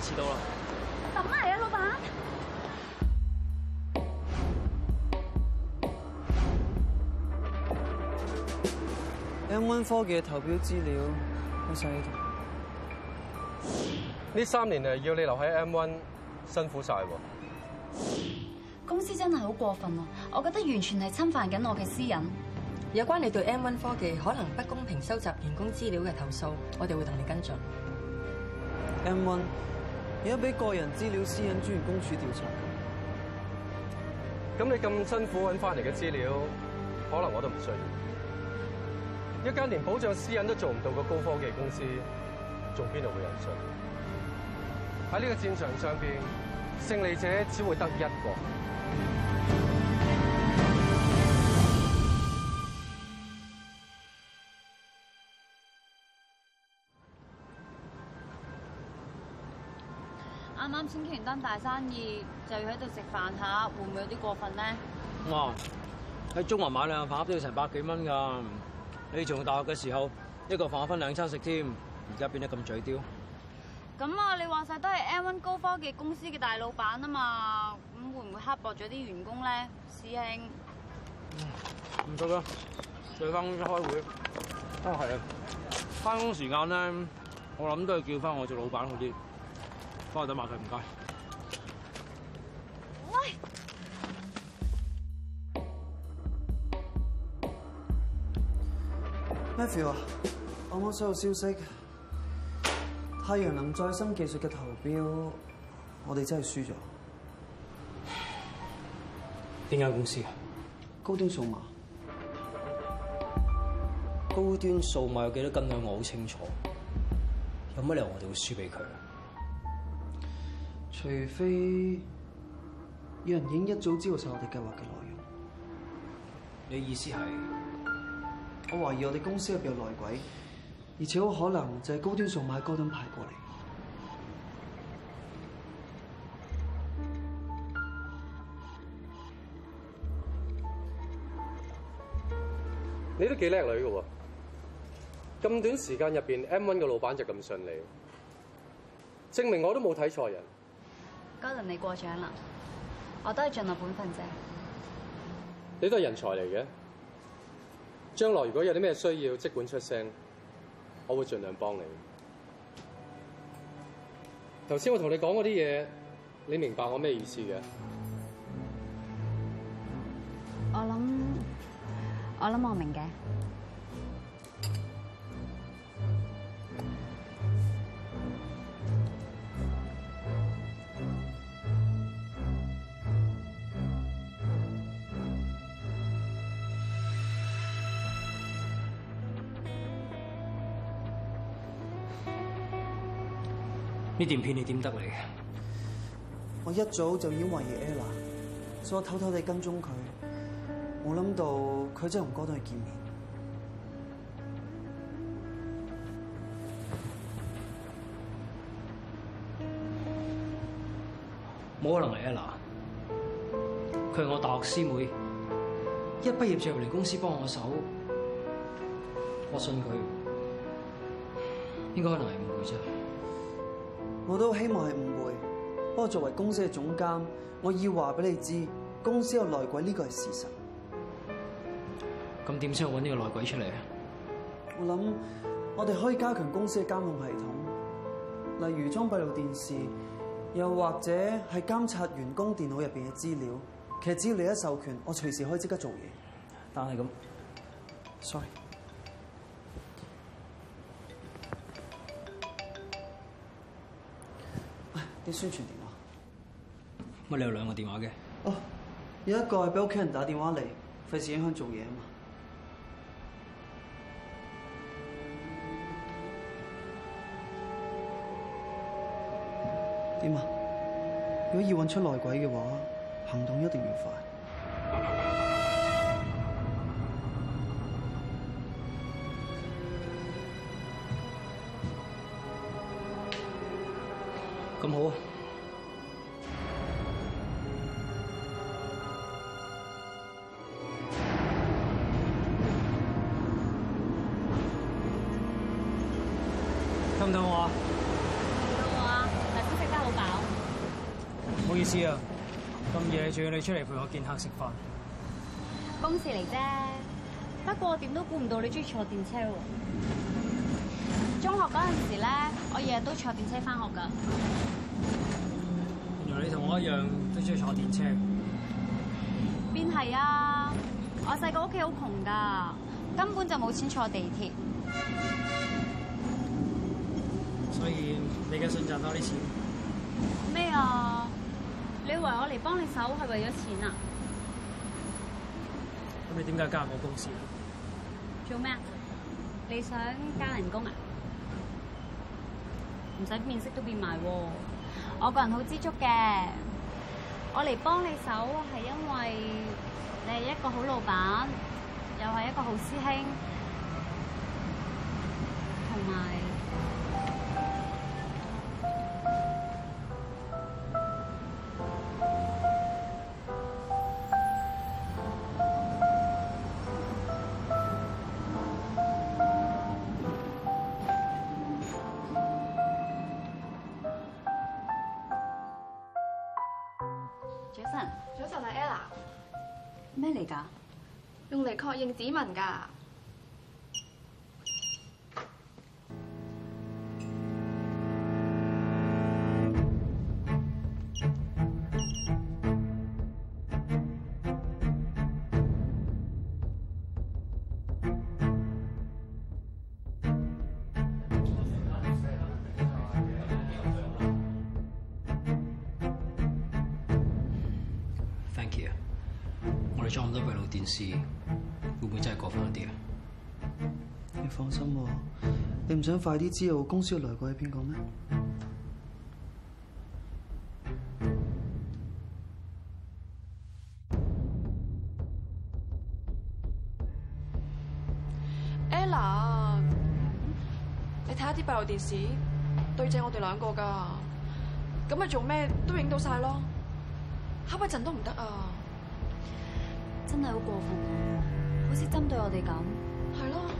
遲到啦！等埋啊，老闆。M1 科技嘅投標資料，好晒喺度。呢三年嚟要你留喺 M1，辛苦晒喎。公司真係好過分喎，我覺得完全係侵犯緊我嘅私隱。有關你對 M1 科技可能不公平收集員工資料嘅投訴，我哋會同你跟進。M1。而家俾個人資料私隱專員公署調查的，咁你咁辛苦揾翻嚟嘅資料，可能我都唔信。一間連保障私隱都做唔到嘅高科技公司，仲邊度會有人信？喺呢個戰場上邊，勝利者只會得一個。啱啱簽結完單大生意，就要喺度食飯嚇，會唔會有啲過分咧？哇！喺中環買兩盒都要成百幾蚊㗎，你仲大學嘅時候，一個飯盒分兩餐食添，而家變得咁嘴刁。咁啊，你說話晒都係 M1 高科技公司嘅大老闆啊嘛，咁會唔會刻薄咗啲員工咧，師兄？唔錯啦，再翻公司開會。啊、哎，係啊，翻工時間咧，我諗都係叫翻我做老闆好啲。多謝埋佢，唔該。Matthew 啊，我剛收到消息，太陽能再生技術嘅投標，我哋真係輸咗。邊間公司啊？高端數碼。高端數碼有幾多斤兩？我好清楚。有乜理由我哋會輸俾佢？除非有人已經一早知道晒我哋計劃嘅內容，你意思係我懷疑我哋公司入邊有內鬼，而且好可能就係高端數碼高端派過嚟。你都幾叻女嘅，咁短時間入邊，M1 嘅老闆就咁順利，證明我都冇睇錯人。高人，你過獎啦，我都係盡量本分啫。你都係人才嚟嘅，將來如果有啲咩需要，即管出聲，我會盡量幫你。頭先我同你講嗰啲嘢，你明白我咩意思嘅？我諗，我諗我明嘅。點騙你點得嚟？我一早就已經懷疑 Ella，所以我偷偷地跟蹤佢。冇諗到佢真係同哥都係見面，冇可能係 Ella。佢係我大學師妹，一畢業就入嚟公司幫我手，我信佢，應該可能係誤會啫。我都希望係誤會，不過作為公司嘅總監，我要話俾你知，公司有內鬼呢個係事實。咁點先可以搵呢個內鬼出嚟啊？我諗我哋可以加強公司嘅監控系統，例如裝閉路電視，又或者係監察員工電腦入邊嘅資料。其實只要你一授權，我隨時可以即刻做嘢。但係咁，sorry。宣傳電話，乜你有兩個電話嘅？哦，有一個係俾屋企人打電話嚟，費事影響做嘢啊嘛。點啊？如果要揾出內鬼嘅話，行動一定要快。等等我。等我，但今日食得好飽。唔好意思啊，咁夜仲要你出嚟陪我見客食飯。公事嚟啫，不過我點都估唔到你中意坐電車喎。中學嗰陣時咧，我日日都坐電車返學㗎。原來你同我一樣都中意坐電車？邊係啊！我細個屋企好窮噶，根本就冇錢坐地鐵，所以你而家想賺多啲錢？咩啊？你以為我嚟幫你手係為咗錢啊？咁你點解加入我公司？啊？做咩？你想加人工啊？唔使面色都變埋喎！我個人好知足嘅，我嚟幫你手係因為你係一個好老闆，又係一個好師兄，同埋。早晨啊，Ella，咩嚟噶？用嚟確認指紋噶。唔想快啲知道公司嘅來過係邊個咩？Ella，你睇下啲閉路電視，對正我哋兩個噶，咁咪做咩都影到晒咯，黑一陣都唔得啊！真係好過分，好似針對我哋咁。係咯。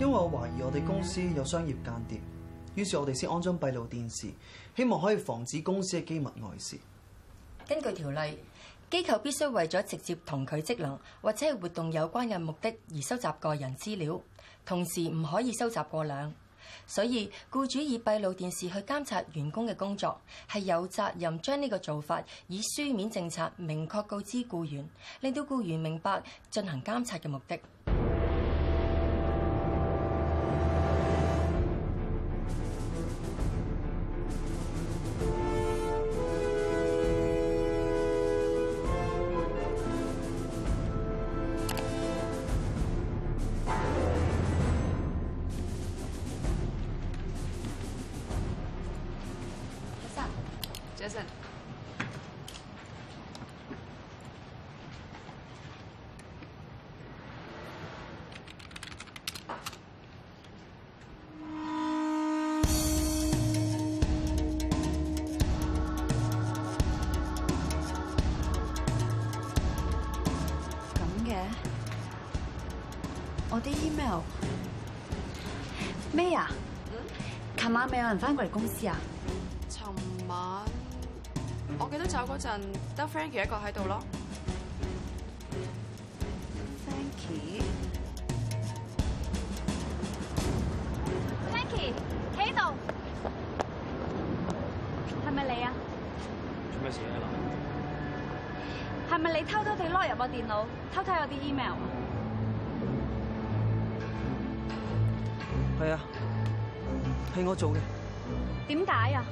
因為我懷疑我哋公司有商業間諜，於是，我哋先安裝閉路電視，希望可以防止公司嘅機密外泄。根據條例，機構必須為咗直接同佢職能或者係活動有關嘅目的而收集個人資料，同時唔可以收集過量。所以，僱主以閉路電視去監察員工嘅工作，係有責任將呢個做法以書面政策明確告知僱員，令到僱員明白進行監察嘅目的。email 咩啊？琴晚未有人翻過嚟公司啊？尋晚我記得走嗰陣，得 Frankie 一個喺度咯。Frankie，Frankie，喺度，係咪你啊？做咩事啊？係咪你偷偷地 log 入我電腦，偷睇我啲 email？係啊，係我做嘅。點解啊？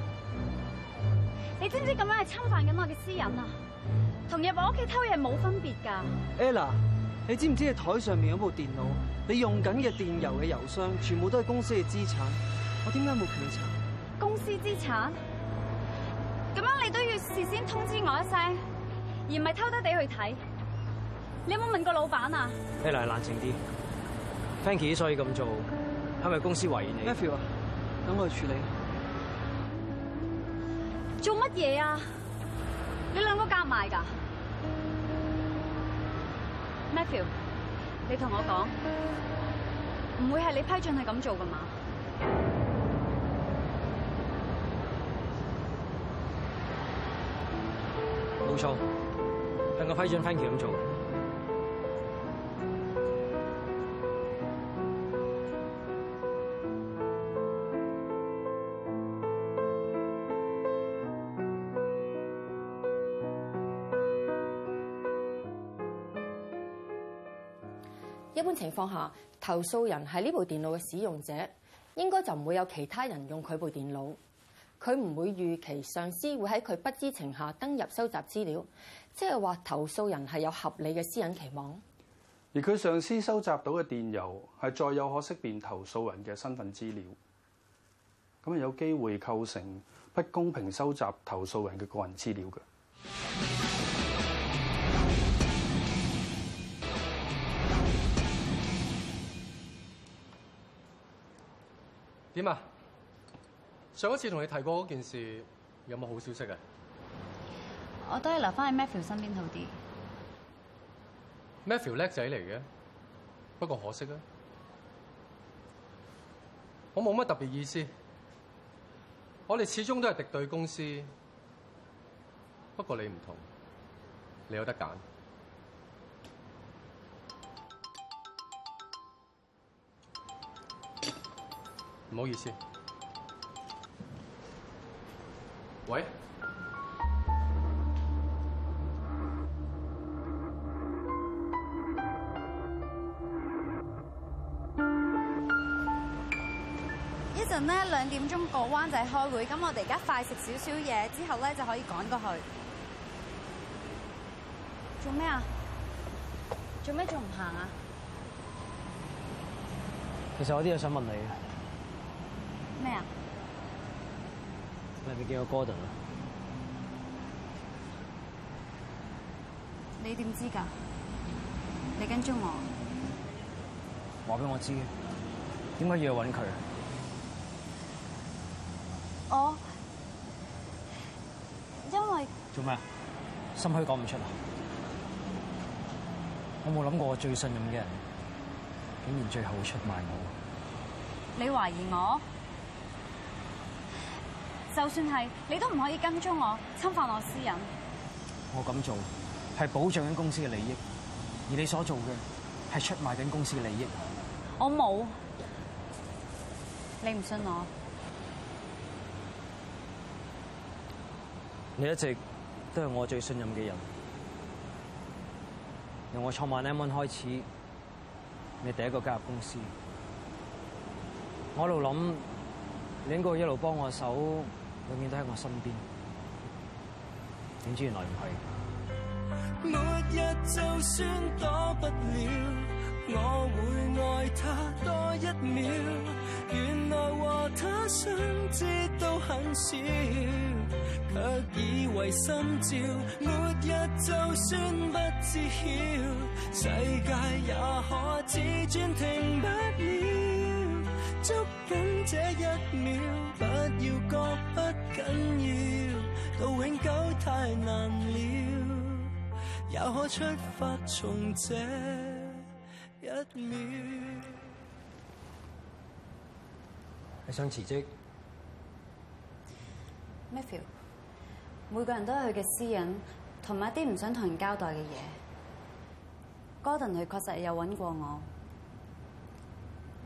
你知唔知咁樣係侵犯緊我嘅私隱啊？同入我屋企偷嘢冇分別噶。Ella，你知唔知你台上面嗰部電腦，你用緊嘅電郵嘅郵箱，全部都係公司嘅資產。我點解冇權查？公司資產？咁樣你都要事先通知我一聲，而唔係偷偷地去睇。你有冇問過老闆啊？Ella，冷靜啲。Fankie 所以咁做。係咪公司懷疑你？Matthew 啊，等我去處理。做乜嘢啊？你兩個夾埋噶？Matthew，你同我講，唔會係你批准係咁做噶嘛？冇錯，係我批准 a n 番茄咁做。一般情況下，投訴人係呢部電腦嘅使用者，應該就唔會有其他人用佢部電腦。佢唔會預期上司會喺佢不知情下登入收集資料，即係話投訴人係有合理嘅私隱期望。而佢上司收集到嘅電郵係再有可識別投訴人嘅身份資料，咁有機會構成不公平收集投訴人嘅個人資料嘅。點啊？上一次同你提過嗰件事有冇好消息啊？我都係留翻喺 Matthew 身邊好啲。Matthew 叻仔嚟嘅，不過可惜啊，我冇乜特別意思。我哋始終都係敵對公司，不過你唔同，你有得揀。唔好意思。喂，一陣呢兩點鐘過灣仔開會，咁我哋而家快食少少嘢，之後咧就可以趕過去。做咩啊？做咩仲唔行啊？其實我有啲嘢想問你嘅。咩啊？我未見過戈登啊！你點知㗎？你跟住我？話俾我知，點解要揾佢？我因為做咩？心虛講唔出嚟。我冇諗過，我最信任嘅人，竟然最後出賣我。你懷疑我？就算係你都唔可以跟蹤我，侵犯我私隱。我咁做係保障緊公司嘅利益，而你所做嘅係出賣緊公司嘅利益。我冇，你唔信我？你一直都係我最信任嘅人，由我創辦 M1 開始，你第一個加入公司。我一路諗，你應該一路幫我手。永遠都喺我身邊，點知原來唔係。末日就算躲不了，我會愛他多一秒。原來和他相知都很少，卻以為心照。末日就算不知曉，世界也可自轉停不了。捉緊這一秒，不要覺不緊要都永久太難了，可出發從這一秒。你想辭職？Matthew。每個人都有他嘅私隱，同埋一啲唔想同人交代嘅嘢。Gordon 佢確實有揾過我。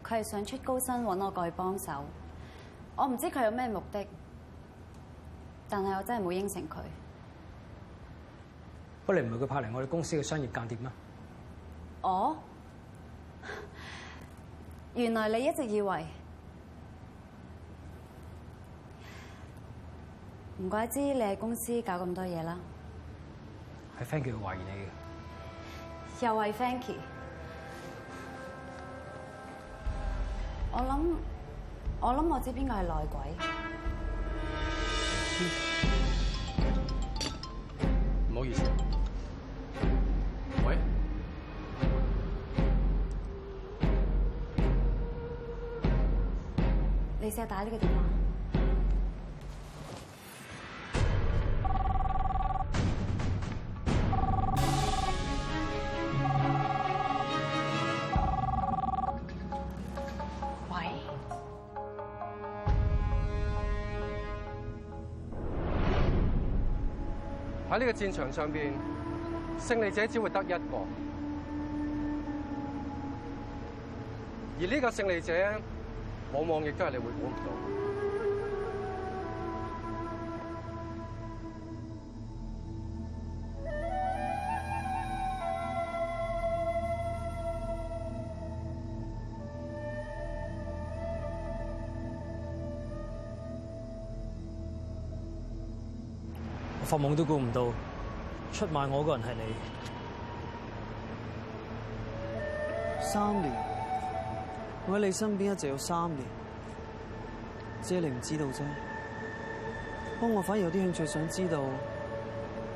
佢係想出高薪搵我過去幫手，我唔知佢有咩目的，但係我真係冇應承佢。不，你唔係佢派嚟我哋公司嘅商業間諜咩？哦？原來你一直以為，唔怪知你喺公司搞咁多嘢啦。係 Fankie 佢懷疑你嘅，又係 Fankie 我諗，我諗我知邊個係內鬼。唔好意思，喂，你試下打呢個電話。喺呢個戰場上，勝利者只會得一個，而呢個勝利者，往往亦都係你會估唔到的。發夢都估唔到，出賣我嗰人係你。三年，我喺你身邊一直有三年，只係你唔知道啫。不過我反而有啲興趣想知道，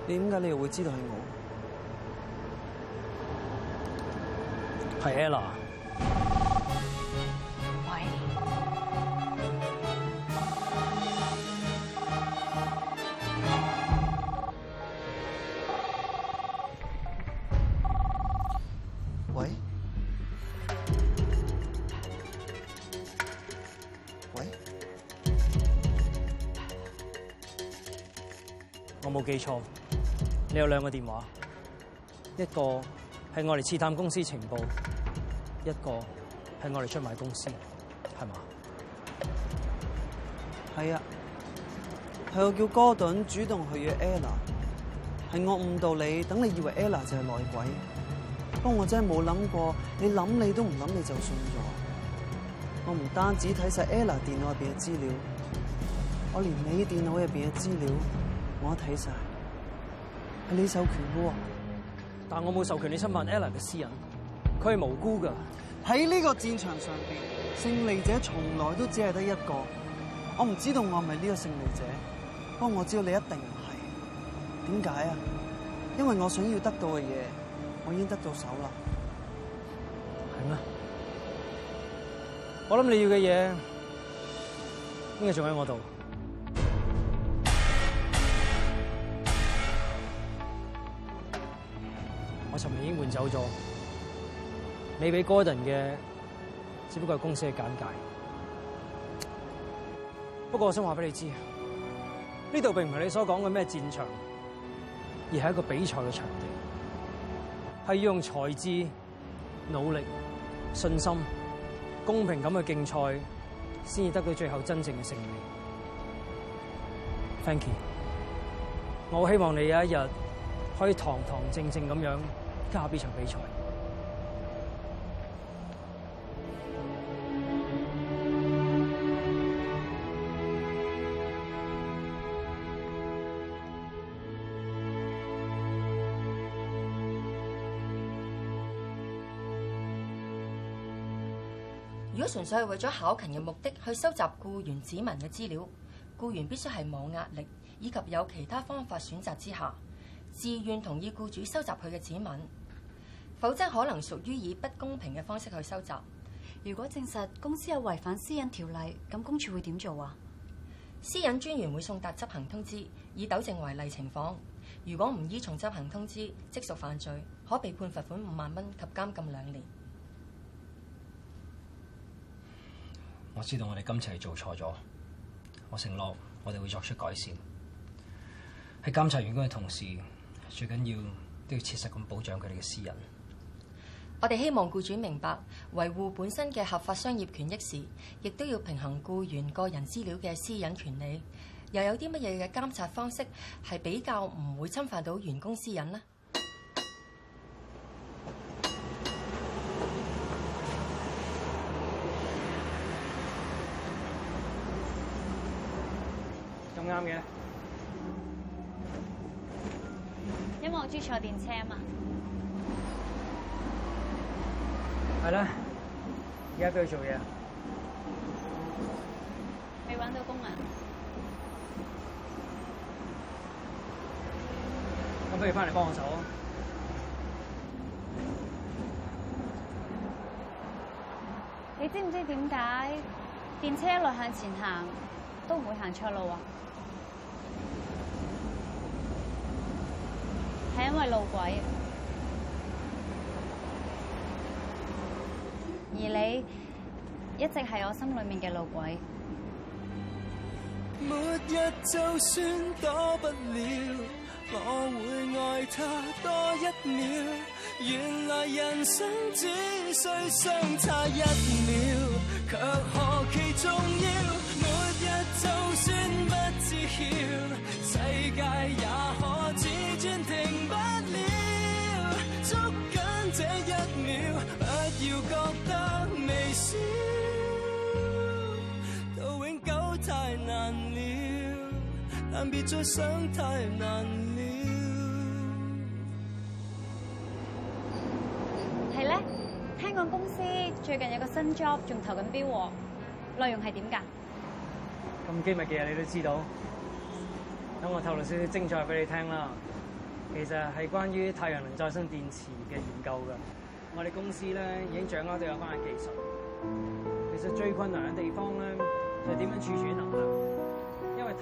點解你又會知道係我？係 Ella。記錯，你有兩個電話，一個係我嚟刺探公司情報，一個係我嚟出賣公司，係嘛？係啊，係我叫哥頓主動去約 Ella，係我誤導你，等你以為 Ella 就係內鬼，不過我真係冇諗過，你諗你都唔諗你就信咗。我唔單止睇晒 Ella 電腦入邊嘅資料，我連你的電腦入邊嘅資料。.我睇晒，係你授權嘅喎，但我冇授權你侵犯 Ella 嘅私隱，佢係無辜噶。喺呢個戰場上邊，勝利者從來都只係得一個。我唔知道我係咪呢個勝利者，不過我知道你一定唔係。點解啊？因為我想要得到嘅嘢，我已經得到手啦。係咩？我諗你要嘅嘢，應該仲喺我度。尋日已經換走咗，你俾 Gordon 嘅只不過係公司嘅簡介。不過我想話俾你知，呢度並唔係你所講嘅咩戰場，而係一個比賽嘅場地，係要用才智、努力、信心、公平咁嘅競賽，先至得到最後真正嘅勝利。Thank you，我好希望你有一日可以堂堂正正咁樣加下呢場比賽，如果純粹係為咗考勤嘅目的去收集僱員指紋嘅資料，僱員必須係冇壓力，以及有其他方法選擇之下。自願同意雇主收集佢嘅指紋，否則可能屬於以不公平嘅方式去收集。如果證實公司有違反私隱條例，咁公署會點做啊？私隱專員會送達執行通知，以糾正違例情況。如果唔依從執行通知，即屬犯罪，可被判罰款五萬蚊及監禁兩年。我知道我哋今次係做錯咗，我承諾我哋會作出改善。喺監察員工嘅同時。最緊要都要切實咁保障佢哋嘅私隱。我哋希望僱主明白，維護本身嘅合法商業權益時，亦都要平衡僱員個人資料嘅私隱權利。又有啲乜嘢嘅監察方式係比較唔會侵犯到員工私隱呢？我鍾意坐電車嘛，係啦，而家都要做嘢，未揾到工啊？咁不如翻嚟幫我手啊！你知唔知點解電車一路向前行都唔會行錯路啊？因為路軌，而你一直係我心裏面嘅路軌。末日就算躲不了，我會愛他多一秒。原來人生只需相差一秒，卻何其重要。末日就算不知曉。係、嗯、咧，聽講公司最近有個新 job 仲投緊標，內容係點噶？咁機密嘅嘢你都知道，等我透露少少精彩俾你聽啦。其實係關於太陽能再生電池嘅研究噶，我哋公司咧已經掌握咗有關嘅技術。其實最困難嘅地方咧，就係點樣儲存能量。